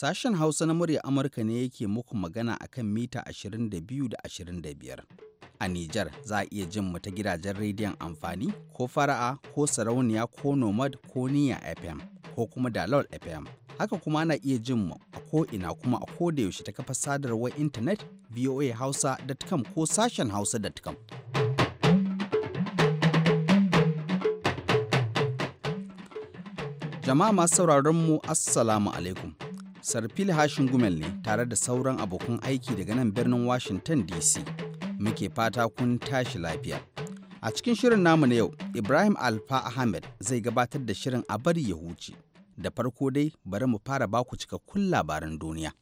Sashen Hausa na murya Amurka ne yake muku magana a kan mita 22 da 25. A Nijar za a iya jin mu ta gidajen rediyon amfani ko fara'a ko sarauniya ko nomad ko niya FM ko kuma dalol FM. Haka kuma ana iya jin mu a ko ina kuma a ko da yaushe ta kafa sadarwar intanet voahausa.com ko sashen hausa.com. Jama'a masu sauraron mu Assalamu alaikum. sarfil hashin gumel ne tare da sauran abokan aiki daga nan birnin washington dc muke fata kun tashi lafiya a cikin shirin namu na yau ibrahim alfa ahmed zai gabatar da shirin a bari ya huce da farko dai bari mu fara baku cikakkun labaran duniya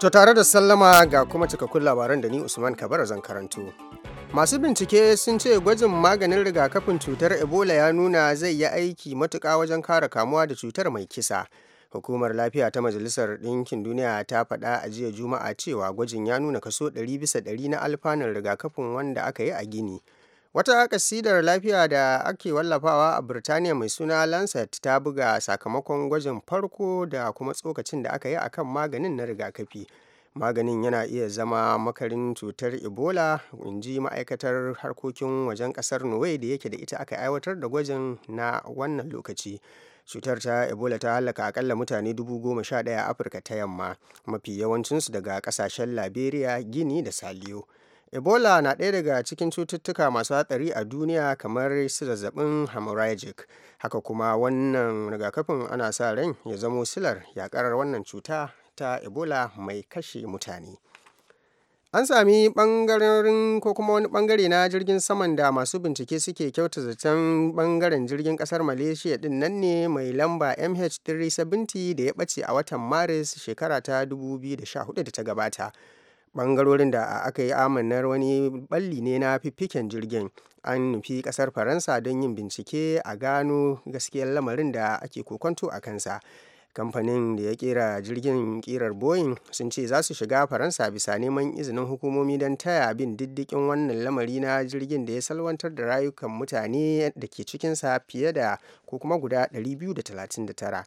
to tare da sallama ga kuma cikakkun labaran da ni usman kabara zan karanto masu bincike sun ce gwajin maganin rigakafin cutar ebola ya nuna zai yi aiki matuka wajen kare kamuwa da cutar mai kisa hukumar lafiya ta majalisar ɗinkin duniya ta faɗa a jiya juma'a cewa gwajin ya nuna kaso 100 bisa 100 na alfanun rigakafin wanda aka yi a gini wata kasidar lafiya da ake wallafawa a birtaniya mai suna lancet ta buga sakamakon gwajin farko da kuma tsokacin da aka yi akan maganin na rigakafi maganin yana iya zama makarin cutar ebola in ji ma'aikatar harkokin wajen kasar norway da yake da ita aka aiwatar da gwajin na wannan lokaci cutar ta ebola ta halaka akalla mutane dubu goma sha ɗaya a afirka ta yamma mafi yawancinsu daga kasashen liberia gini da saliyo ebola na ɗaya daga cikin cututtuka masu hatsari a duniya kamar su zazzabin hemorrhagic haka kuma wannan rigakafin ana sa ran ya zamo silar yakar wannan cuta ta ebola mai kashe mutane an sami bangarorin ko kuma wani bangare na jirgin saman da masu bincike suke kyauta zaton bangaren jirgin kasar malaysia din nan ne mai lamba mh370 da ya bace a watan maris shekara ta 2014 da ta gabata bangarorin da aka yi amanar wani balli ne na fiffiken jirgin an nufi kasar faransa don yin bincike a gano gaskiyar lamarin da ake kokonto a kansa kamfanin da ya kera jirgin kirar boeing sun ce za su shiga faransa bisa neman izinin hukumomi don taya bin diddikin wannan lamari na jirgin da ya salwantar da rayukan mutane da ke cikinsa fiye da ko kuma guda 239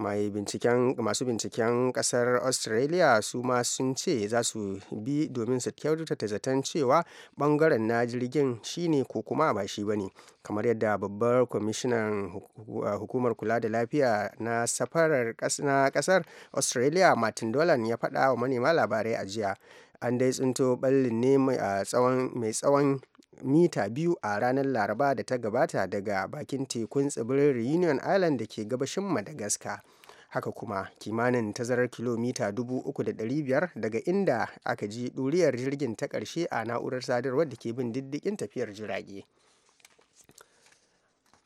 mai binciken masu binciken kasar australia su ma sun ce za su bi domin su kyautata zaton cewa bangaren na jirgin shine ko kuma ba shi bane kamar yadda babbar kwamishinan hukumar kula da lafiya na safarar na kasar australia martin dolan ya faɗa wa manema labarai a jiya an dai tsinto ballin ne mai tsawon mita biyu a ranar laraba da ta gabata daga bakin tekun tsibirin reunion island da ke gabashin madagascar haka kuma kimanin tazarar kilomita 3,500 daga inda aka ji ɗuriyar jirgin ta ƙarshe a na'urar sadarwar da ke bin diddigin tafiyar jirage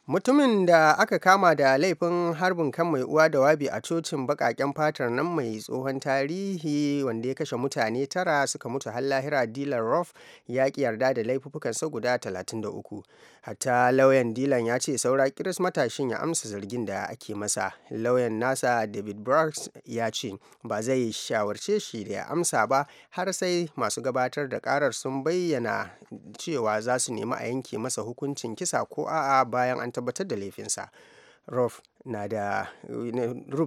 mutumin da aka kama da laifin harbin kan mai uwa da wabi a cocin bakaken fatar nan mai tsohon tarihi wanda ya kashe mutane tara suka mutu har lahira dilan rof ya ki yarda da laifuffukansa guda 33 hatta lauyan dilan ya ce saura kiris matashin ya amsa zargin da ake masa lauyan nasa david brooks ya ce ba zai shawarce shi da ya amsa ba har sai masu gabatar da karar sun bayyana cewa za su nemi a yanke masa hukuncin kisa ko a'a bayan an tabbatar da laifinsa Roof na da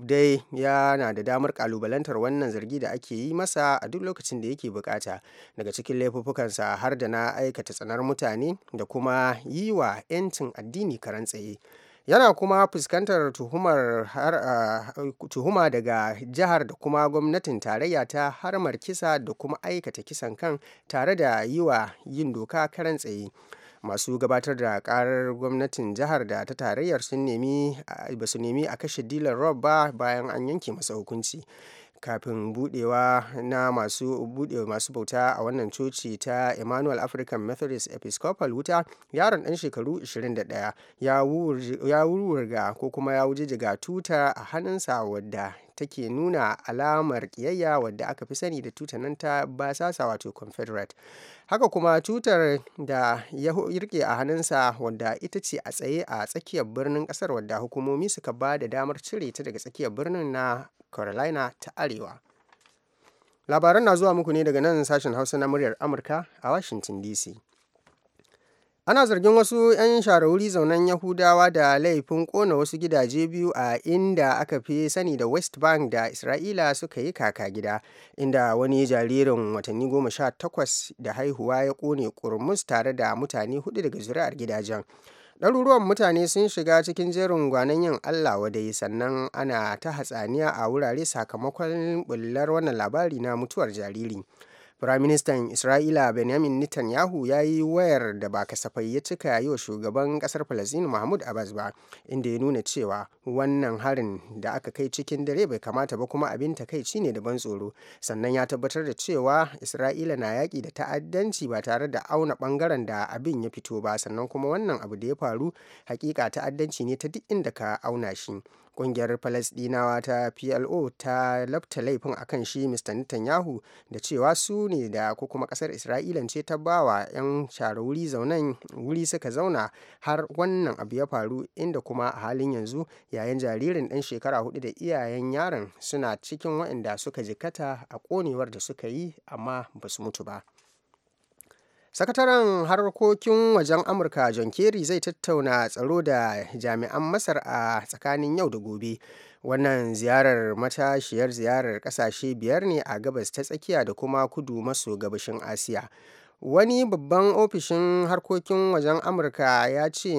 dai yana da damar kalubalantar wannan zargi da ake yi masa a duk lokacin da yake bukata daga cikin laifuffukansa har da na aikata tsanar mutane da kuma yi wa 'yancin addini karan tsaye. yana kuma fuskantar tuhumar tuhuma daga jihar da kuma gwamnatin tarayya ta harmar kisa da kuma aikata kisan kan tare da yi wa yin doka karan tsaye masu gabatar da karar gwamnatin jihar da ta tarayyar sun nemi su nemi a kashe dilar rob ba bayan an yanke masa hukunci kafin budewa na masu budewa masu bauta a wannan coci ta emmanuel african methodist episcopal wuta yaron dan shekaru 21 ya wurga ko kuma ya wujijiga tuta a hannunsa wadda take nuna alamar ƙiyayya wadda aka fi sani da tutananta sasa wato confederate haka kuma tutar da ya rike a hannunsa wadda ita ce a tsaye a tsakiyar birnin ƙasar wadda hukumomi suka ba da damar cire ta daga tsakiyar birnin na carolina ta arewa labaran na zuwa muku ne daga nan sashen hausa na muryar amurka a washington dc Ana zargin wasu ‘yan zaunan Yahudawa da laifin kona wasu gidaje biyu a inda aka fi sani da West Bank da Isra'ila suka yi kaka gida, inda wani jaririn watanni 18 da haihuwa ya kone kurmus tare da mutane hudu daga zuri'ar gidajen. ɗaruruwan mutane sun shiga cikin jerin gwanon yin Allah wadai sannan ana ta hatsaniya a wurare sakamakon bullar wannan labari na mutuwar jariri. Firaministan Isra'ila Benjamin Netanyahu ya yi wayar da ba kasafai ya cika yi wa shugaban kasar Falasɗin Mahmud Abbas ba, inda ya nuna cewa wannan harin da aka kai cikin dare bai kamata ba kuma abin takaici ne da ban tsoro. Sannan ya tabbatar da cewa Isra'ila na yaƙi da ta'addanci ba tare da auna ɓangaren da abin ya fito ba, sannan kuma wannan abu da ya faru hakika ta'addanci ne ta duk inda ka auna shi. Ƙungiyar Falasɗinawa ta PLO ta labta laifin akan shi Mr. Netanyahu da cewa su ne da ko kuma ƙasar Isra'ila ce ta bawa 'yan share wuri zaunan wuri suka zauna har wannan abu ya faru inda kuma a halin yanzu yayin jaririn ɗan shekara hudu da iyayen yaron suna cikin waɗanda suka jikkata a konewar da suka yi amma ba su mutu ba. sakataren harkokin wajen amurka john kerry zai tattauna tsaro da jami'an masar a tsakanin yau da gobe wannan ziyarar matashiyar ziyarar kasashe biyar ne a gabas ta tsakiya da kuma kudu maso gabashin asiya wani babban ofishin harkokin wajen amurka ya ce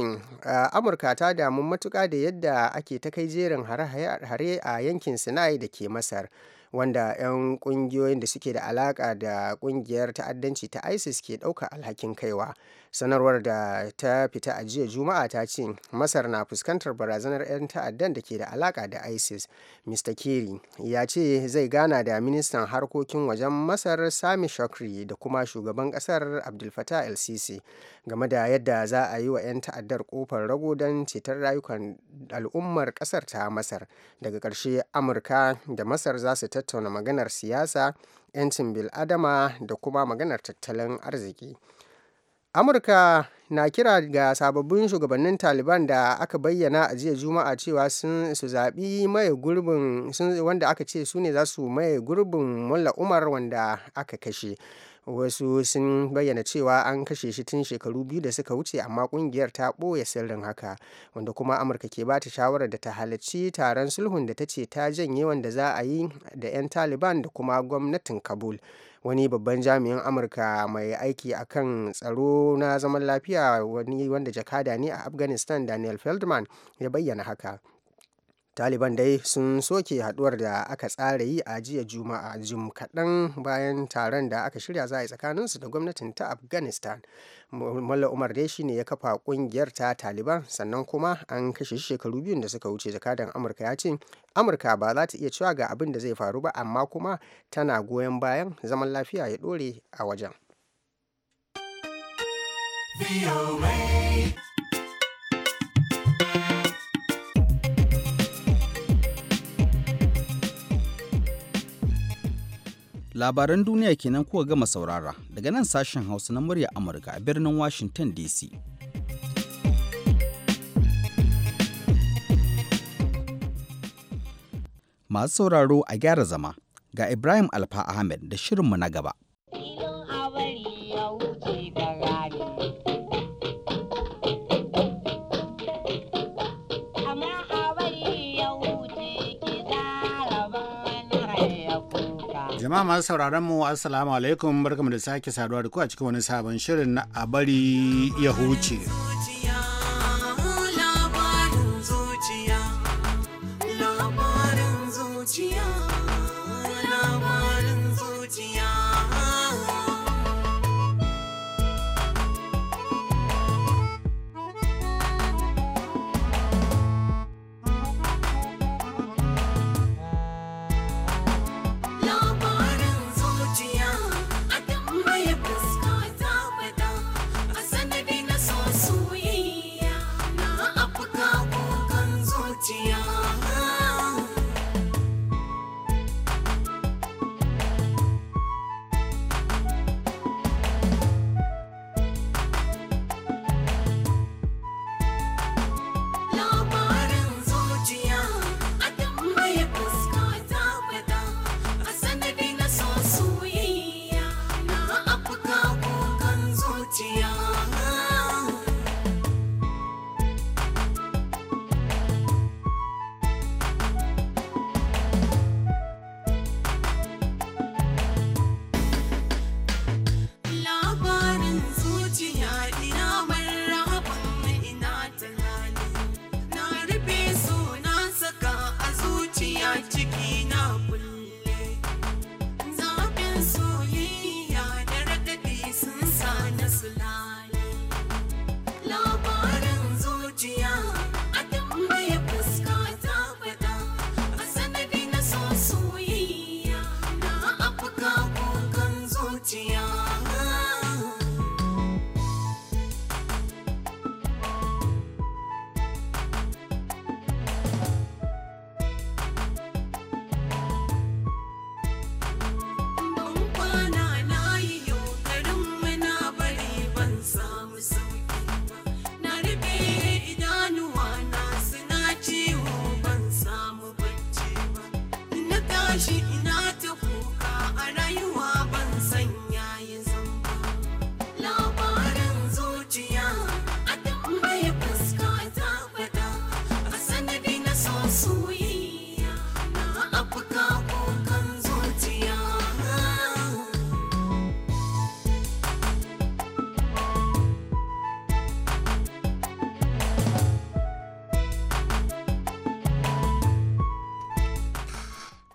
amurka ta damu matuka da yadda ake ta kai jerin hare a yankin sinai da ke masar wanda 'yan kungiyoyin da suke da alaka da kungiyar ta'addanci ta isis ke ɗauka alhakin kaiwa sanarwar da ta fita a jiya juma'a ta ce masar na fuskantar barazanar 'yan ta'addan da ke da alaka da isis mr kiri ya ce zai gana da ministan harkokin wajen masar sami shakri da kuma shugaban kasar abdul fatah el sisi game da yadda za a yi wa 'yan ta'addar kofar rago don cetar rayukan al'ummar kasar ta masar daga ƙarshe amurka da masar za su tattauna maganar siyasa 'yancin bil'adama da kuma maganar tattalin arziki amurka na kira ga sababbin shugabannin taliban da aka bayyana a jiya juma'a cewa su zaɓi maye gurbin wanda aka ce su ne za su maye gurbin mullah umar wanda aka kashe wasu sun bayyana cewa an kashe shi tun shekaru biyu da suka wuce amma kungiyar ta ɓoye sirrin haka wanda kuma amurka ke bata shawarar da ta halarci taron sulhun da ta ce ta janye wanda za a yi da 'yan taliban da kuma gwamnatin kabul wani babban jami'in amurka mai aiki a kan tsaro na zaman lafiya wani wanda jakada ne a afghanistan daniel feldman ya bayyana haka taliban dai sun soke haduwar da aka tsara yi a jiya juma'a jim kaɗan bayan taron da aka shirya za a yi tsakaninsu da gwamnatin ta afghanistan mullah umar dai shine ya kafa kungiyar ta taliban sannan kuma an kashe shekaru biyun da suka wuce jakadan amurka ya ce amurka ba za ta iya cewa ga abin da zai faru ba amma kuma tana goyon bayan zaman lafiya ya dore a wajen. Labaran duniya kenan kuka gama saurara daga nan sashen Hausa na murya Amurka a birnin Washington DC. Masu sauraro a gyara zama ga Ibrahim Alfa Ahmed da shirinmu na gaba. Jama'a masu sauraron mu Assalamu alaikum barkamu da sake saduwa da ku a cikin wani sabon shirin na a bari ya huce.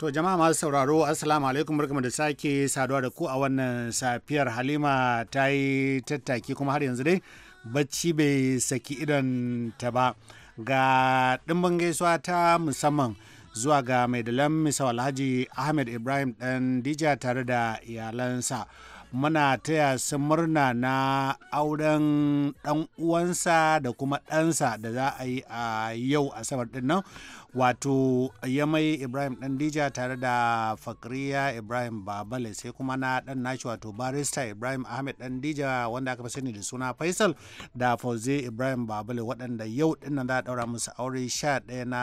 To jama'a masu sauraro assalamu alaikum barkamu da sake saduwa da ku a wannan safiyar Halima ta yi tattaki kuma har yanzu dai bacci bai saki idan ta ba ga ɗimbin gaisuwa ta musamman zuwa ga mai dalan alhaji ahmed ibrahim ɗan dija tare da iyalansa muna taya su murna na auren dan uwansa da kuma ɗansa da za a yi a yau asabar din nan wato yamai ibrahim dan dija tare da fakriya ibrahim babale sai kuma na dan nashi wato barista ibrahim ahmed dan dija wanda aka fi sani da suna faisal da fauze ibrahim babale waɗanda yau dinnan za a ɗaura musu aure sha ɗaya na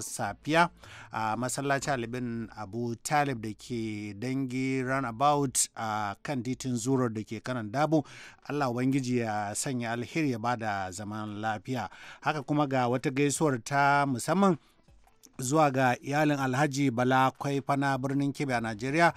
safiya a masallaci alibin abu talib da ke dangi runabout a kan titin zurar da ke kanan dabo allah ubangiji ya sanya alheri ya bada zaman lafiya haka kuma ga wata gaisuwar ta musamman zuwa ga iyalin alhaji bala kwaifana birnin kebe a najeriya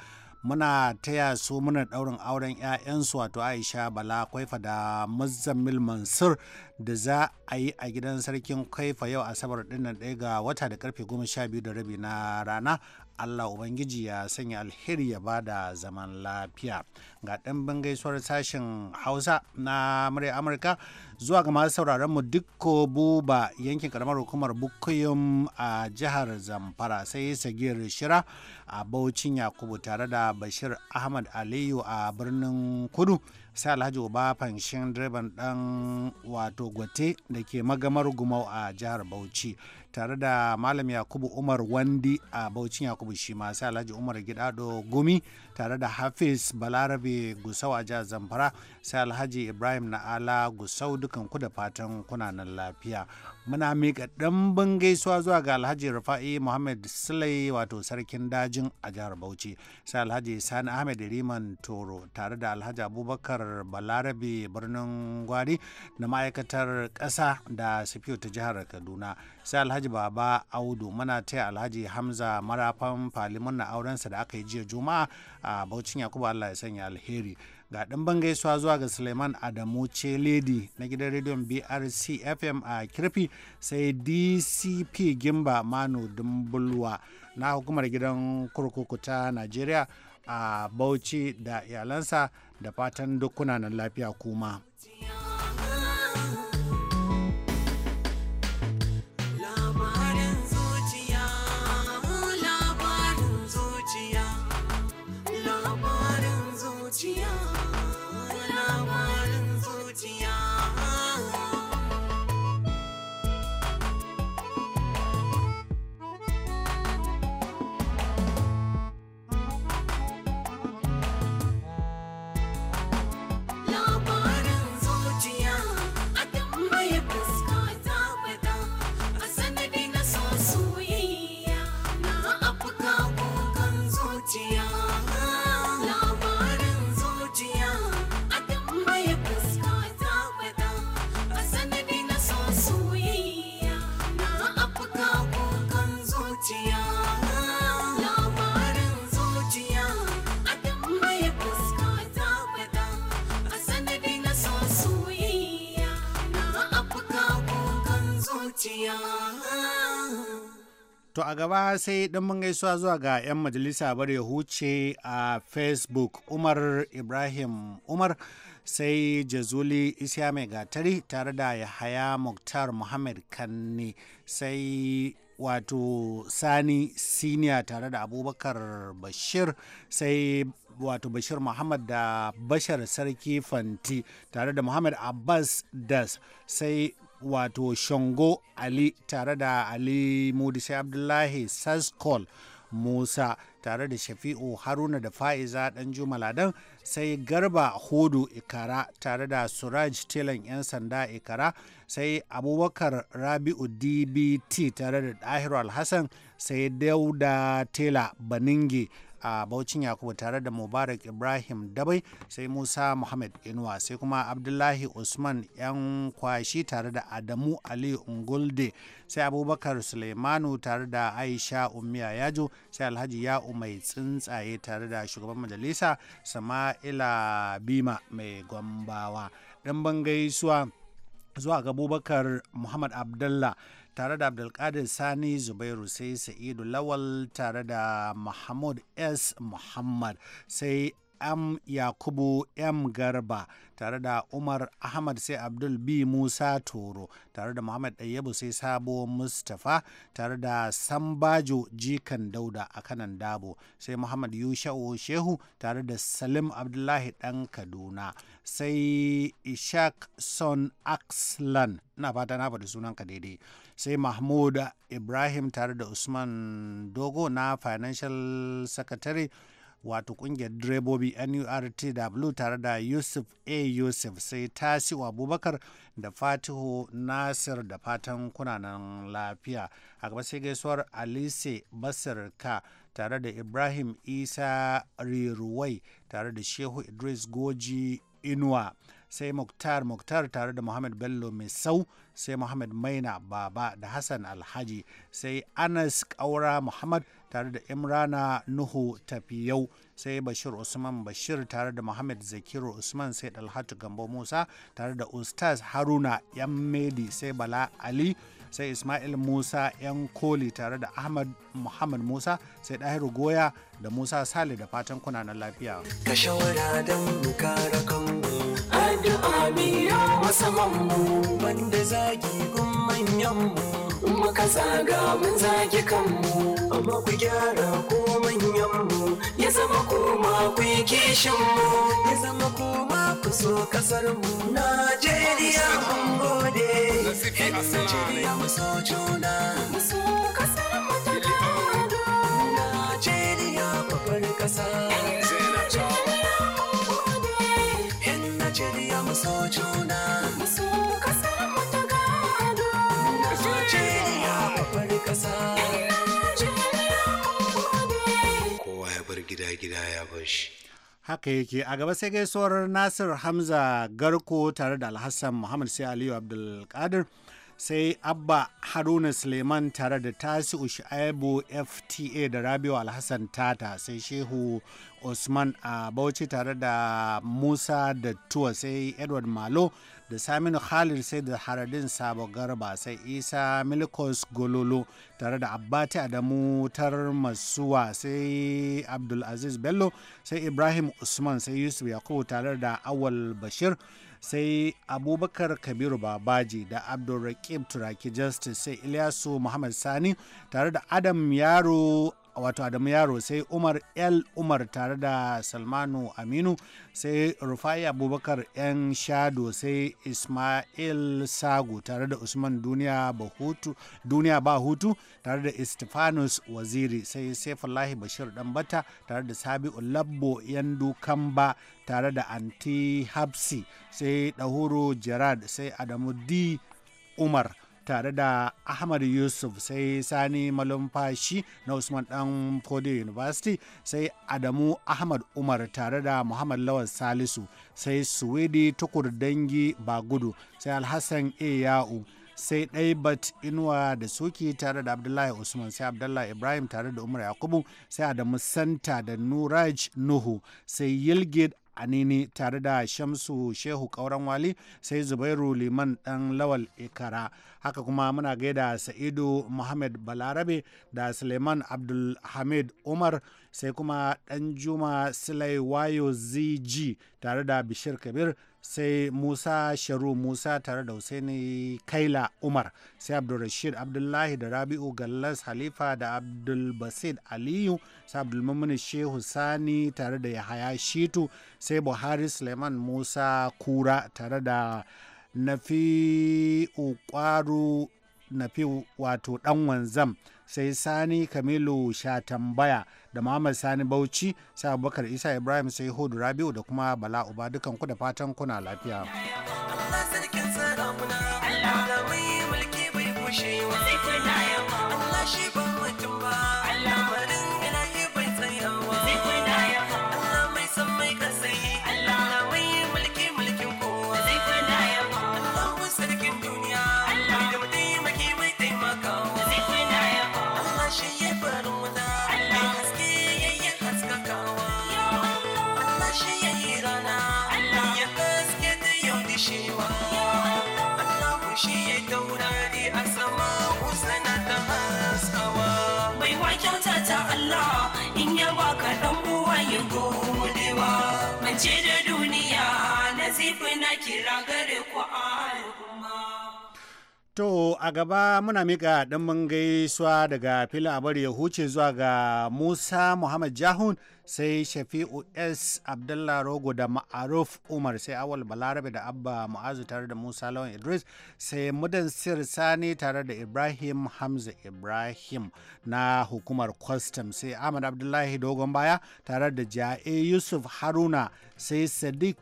muna taya su muna daurin auren 'ya'yansu wato aisha bala kwaifa da muzammil mansur da za a yi a gidan sarkin kwaifa yau asabar dinnan ɗaya ga wata da karfe 12 da rabi na rana allah ubangiji ya sanya alheri ya bada zaman lafiya ga ɗan gaisuwar sashen hausa na murya amurka zuwa ga masu sauraron mu dukko buba yankin karamar hukumar bukuyum a jihar zamfara sai sagir shira a baucin yakubu tare da bashir ahmad aliyu a birnin kudu sai alhaji uba fanshin direban dan wato gwate da ke magamar gumau a jihar bauchi tare da malam yakubu umar wandi a baucin yakubu shi ma sai alhaji umar gidado gumi tare da hafiz balarabe gusau a jihar zamfara sai alhaji ibrahim na'ala gusau dukan ku da fatan kunanan lafiya muna miƙa ɗanbin gaisuwa zuwa ga alhaji rufa'i muhammad sulai wato sarkin dajin a jihar bauchi sai alhaji sani ahmed riman toro tare da alhaji abubakar balarabe birnin gwari na ma'aikatar ƙasa da sifiyo ta jihar kaduna sai alhaji baba audu muna taya alhaji hamza marafan falimin na aurensa da aka yi jiya juma'a a Baucin Yakubu Allah ya sanya alheri. Ga ɗan gaisuwa zuwa ga Suleiman Adamu ce ledi na gidan rediyon BRC FM a Kirfi sai DCP Gimba Manu Dumbulwa na hukumar gidan kurkuku ta nigeria a Bauchi da iyalansa da fatan duk kunanan lafiya kuma. To a gaba sai dan mun gaisuwa zuwa ga 'yan majalisa bar ya huce a Facebook Umar Ibrahim Umar sai Jazuli Isya mai gatari tare da Yahaya Muktar Muhammad Kanni sai wato Sani Senior tare da Abubakar Bashir sai wato Bashir Muhammad da Bashar Sarki Fanti tare da Muhammad Abbas Das sai wato shango ali tare da ali sai abdullahi saskol musa tare da shafi'u haruna da fa'iza dan jumaladan sai garba Hudu ikara tare da suraj telan 'yan sanda ikara sai abubakar rabi'u dbt tare da dahiru alhassan sai dauda tela Baningi. a Baucin Yakubu tare da Mubarak Ibrahim Dabai sai Musa Muhammad Inuwa sai kuma Abdullahi Usman yan kwashi tare da Adamu Ali Ungulde sai Abubakar Suleimanu tare da Aisha Umiya Yajo sai Alhaji Ya'u mai tsuntsaye tare da shugaban majalisa Sama'ila Bima mai gwambawa. don bangaisuwa zuwa ga Abubakar Muhammad Abdullah tare da Abdulkadir Sani Zubairu sai Sa'idu Lawal tare da Mahmud S. Muhammad sai M. Yakubu M. Garba tare da Umar Ahmad sai Abdul B. Musa Toro tare da Muhammad Ɗayyabu sai Sabo Mustapha tare da Sambajo Jikan Dauda a kanan Dabo sai Muhammad Yusha'u Shehu tare da Salim Abdullahi Ɗan Kaduna sai Ishak Son Axlan na fata na faɗi sunanka daidai sai mahmud ibrahim tare da usman dogo na financial secretary wato kungiyar direbobi nurtw tare da yusuf a yusuf sai tasiu abubakar da fatihu nasir da fatan kunanan lafiya a gaba sai gaisuwar alise basirka ka tare da ibrahim isa riruwai tare da shehu idris goji inuwa sai muktar muktar tare da muhammad bello mai sau. sai Muhammad Maina Baba da Hassan Alhaji sai Anas Kaura Muhammad tare da Imrana Nuhu Tafiyau sai Bashir Usman Bashir tare da Muhammad Zakiru Usman sai Dalhatu Gambo Musa tare da Ustaz Haruna yan medi sai Bala Ali sai Ismail Musa yan koli tare da Ahmad Muhammad Musa sai Dahiru Goya da Musa Sale da fatan kuna na lafiya. Ka shawara don kare addu'a biyo musamman mu banda zagi gun manyan mu muka zaga mun zagi kanmu amma ku gyara ko manyan mu ya zama koma ku yi kishin mu ya zama koma ku so kasar mu Najeriya mun gode Najeriya mu so juna Haka yake a gaba sai gaisuwar Nasir Hamza Garko tare da Alhassan Muhammad sai Aliyu Abdulkadir. sai abba haruna suleiman tare da tasi'u shu'aibu fta da rabiu alhassan tata sai shehu usman a bauchi tare da musa da tuwa sai edward malo da saminu khalil sai da haradin sabo garba sai isa milikos gololo tare da abbati adamu tar masuwa sai abdulaziz bello sai ibrahim usman sai yusuf yakubu tare da awal bashir sai abubakar kabiru babaji da abdulrakib turaki justice sai ilyasu muhammad sani tare da adam yaro wato adamu yaro sai umar l umar tare da salmanu aminu sai rufai abubakar yan shado sai ismail sagu tare da usman duniya ba hutu duniya ba hutu tare da istifanus waziri sai saifullahi bashir dambata tare da sabi'u labbo yan kamba tare da anti hapsi sai dahuru gerard sai adamu d umar tare da Ahmad Yusuf sai Sani Malumfashi na Usman Dan fodi University sai Adamu Ahmad Umar tare da Muhammad Lawal Salisu sai Suwedi Tukur Dangi Bagudu sai Alhassan A Ya'u sai ɗaibat inuwa da suki tare da abdullahi usman sai abdullahi ibrahim tare da umar yakubu sai adamu santa da nuraj nuhu sai yilgid anini tare da shamsu shehu kauran wali sai zubairu liman dan lawal ikara haka kuma muna gaida sa'idu muhammad balarabe da suleiman abdulhamid umar sai kuma juma silai wayo zg tare da bishir kabir sai musa sharu musa tare da husaini kaila umar sai abdulrashid abdullahi da rabi'u gallas halifa da abdulbasid aliyu sai abdulmumini shehu sani tare da yahaya shitu sai buhari suleiman musa kura tare da na nafi'u ƙwaro fi wato ɗan wanzam sai sani kamilu sha tambaya da muhammad sani bauchi sai abubakar isa ibrahim sai hudu rabiu da kuma bala uba dukan ku da fatan kuna lafiya. ta Allah in yawa baka dan uwa ya godewa mace da duniya nazifi na kira gare ku To a gaba muna mika ɗan gaisuwa daga filin abar ya huce zuwa ga Musa Muhammad Jahun sai shafi'u s abdullah rogo da ma'aruf umar sai awal balarabe da abba mu'azu tare da musa lawan idris sai mudansir sani tare da ibrahim hamza ibrahim na hukumar kwastam sai ahmad abdullahi dogon baya tare da ja'e yusuf haruna sai sadiq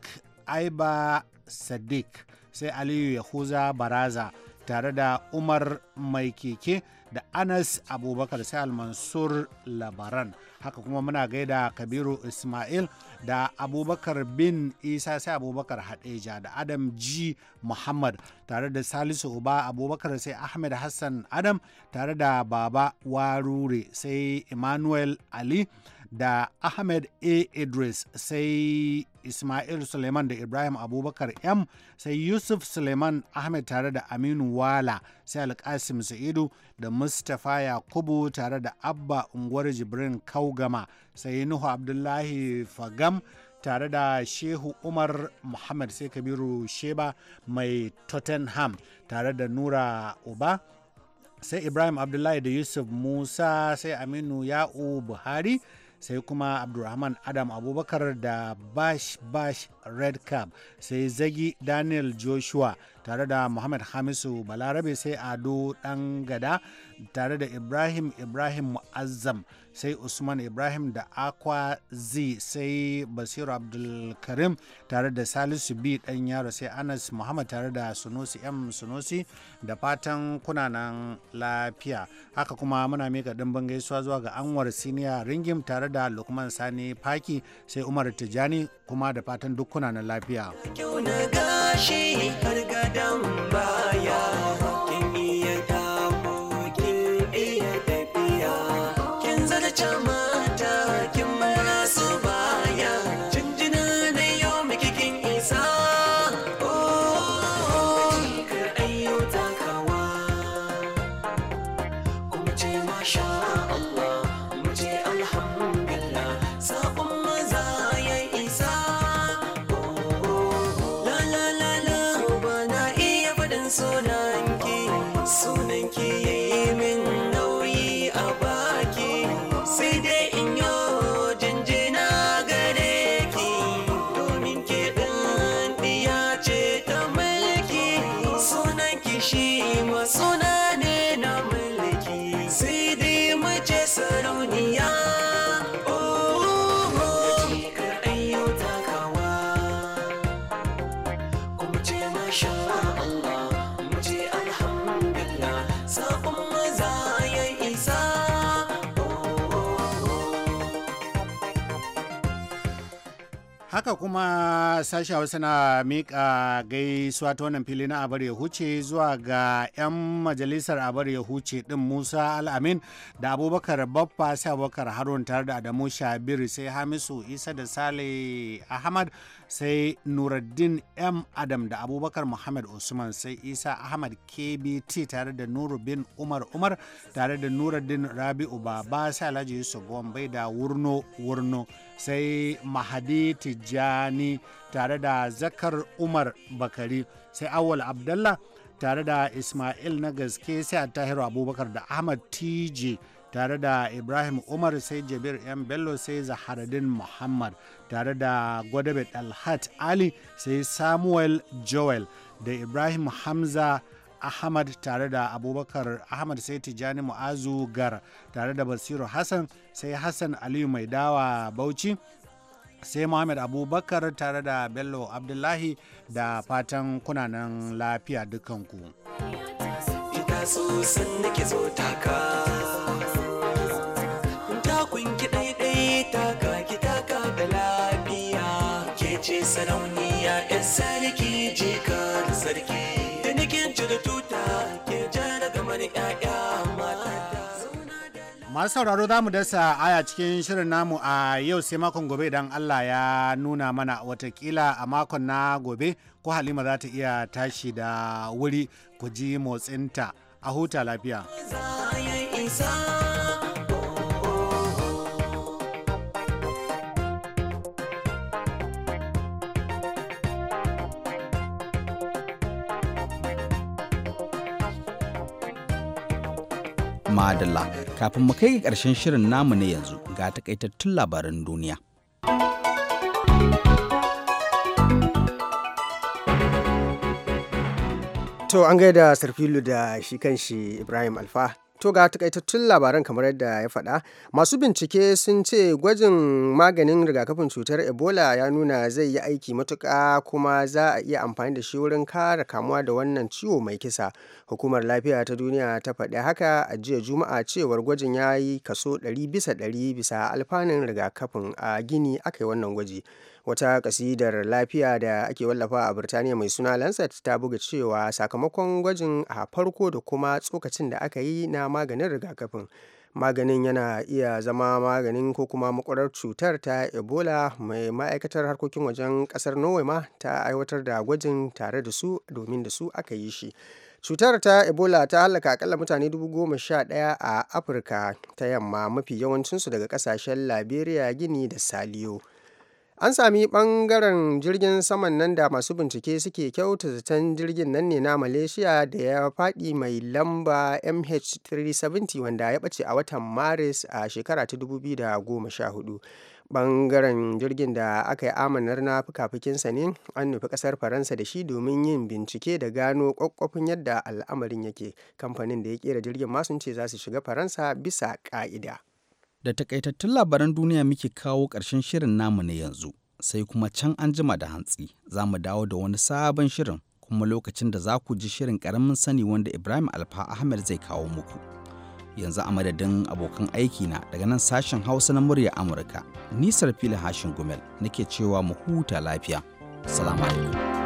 aiba sadiq sai aliyu yahuza baraza tare da umar mai keke da anas abubakar sai mansur labaran haka kuma muna gaida kabiru ismail da abubakar bin isa sai abubakar hadeja da adam g muhammad tare da salisu uba abubakar sai ahmed hassan adam tare da baba warure sai emmanuel ali da Ahmed A. Idris sai Ismail Suleiman da Ibrahim Abubakar M sai Yusuf Suleiman Ahmed tare da Aminu Wala sai Alkasim Sa'idu da Mustapha Yakubu tare da Abba Unguwar Jibrin Kaugama sai Nuhu Abdullahi Fagam tare da Shehu Umar Muhammad sai Kabiru Sheba mai Tottenham tare da Nura Uba sai Ibrahim Abdullahi da Yusuf Musa sai Aminu Ya'u Buhari. sai kuma abdulrahman adam abubakar da bash bash red cap sai zagi daniel joshua tare da muhammad hamisu balarabe sai ado dan gada tare da ibrahim ibrahim mu'azzam sai usman ibrahim da akwa z sai basiru abdulkarim tare da salisu b dan yaro sai anas muhammad tare da sunusi m sunusi da fatan kuna nan lafiya haka kuma muna mika dimbin gaisuwa zuwa ga anwar siniya ringim tare da lukman sani paki sai umar tijani kuma da fatan duk kuna nan lafiya tashi gargadan kuma sashi hausa na mika gaisuwa ta wannan fili na abar ya huce zuwa ga 'yan majalisar abar ya huce din musa al'amin da abubakar babba sai abubakar harun tare da adamu shabir sai hamisu isa da sale ahmad sai nuruddin m adam da abubakar muhammad usman sai isa ahmad kbt tare da nuru umar umar tare da nuruddin rabi'u baba sai alhaji yusuf gombe da wurno wurno sai mahadi tijjani tare da zakar umar bakari sai awal abdallah tare da ismail na gaske sai tahiru abubakar da ahmad tj tare da ibrahim umar sai jabir yan bello sai zaharadin muhammad tare da gwadabe Dalhat ali sai samuel joel da ibrahim hamza ahmad tare da abubakar ahmad sai tijani mu'azu gar tare da basiru hassan sai hassan aliyu mai dawa bauchi sai Muhammad Abubakar tare da Bello Abdullahi da fatan kunanan lafiya dukanku. Ina so sun nake zo taka. 'yan sarki jika sarki da nikin tuta ke jana daga mani 'ya'ya mata masu sauraro za mu dasa aya cikin shirin namu a yau sai makon gobe idan Allah ya nuna mana watakila a makon na gobe ko halima za ta iya tashi da wuri ku ji motsinta a huta lafiya. Madalla. Kafin mu kai ƙarshen shirin namu na yanzu ga takaitattun labaran duniya. To an gaida Sarfilu da shi kanshi Ibrahim Alfa To ga takaitattun labaran kamar yadda ya faɗa, masu bincike sun ce gwajin maganin rigakafin cutar Ebola ya nuna zai yi aiki matuƙa kuma za a iya amfani da shi wurin kare kamuwa da wannan ciwo mai kisa. Hukumar Lafiya ta Duniya ta faɗi haka a jiya Juma'a cewar gwajin ya yi kaso 100 bisa 100 bisa alfanun rigakafin a Gini aka yi wannan gwaji. wata kasidar lafiya da ake wallafa a Birtaniya mai suna Lancet ta buga cewa sakamakon gwajin a farko da kuma tsokacin da aka yi na maganin rigakafin maganin yana iya zama maganin ko kuma makwarar cutar ta ebola mai ma'aikatar harkokin wajen kasar norway ma ta aiwatar da gwajin tare da su domin da su aka yi shi cutar ta ebola ta halaka akalla mutane 11,000 a afirka ta yamma mafi yawancinsu daga kasashen liberia gini da saliyo An sami ɓangaren jirgin saman nan da masu bincike suke kyauta zaton jirgin nan ne na Malaysia da ya faɗi mai lamba MH370 wanda ya ɓace a watan Maris a shekara ta 2014. Ɓangaren jirgin da aka yi amanar na fikafikinsa ne an nufi ƙasar Faransa da shi domin yin bincike da gano ƙwaƙƙwafin yadda al'amarin yake. Kamfanin da ya ƙera jirgin masunci ce za su shiga Faransa bisa ƙa'ida. Da takaitattun labaran duniya muke kawo ƙarshen shirin namu na yanzu, sai kuma can an jima da hantsi za mu dawo da wani sabon shirin kuma lokacin da za ku ji shirin ƙaramin sani wanda Ibrahim Alfa Ahmed zai kawo muku. Yanzu a madadin abokan aiki na daga nan sashen Hausa na murya Amurka, nisar fili hashin gumel nake cewa mu huta lafiya. Salamu alaikum.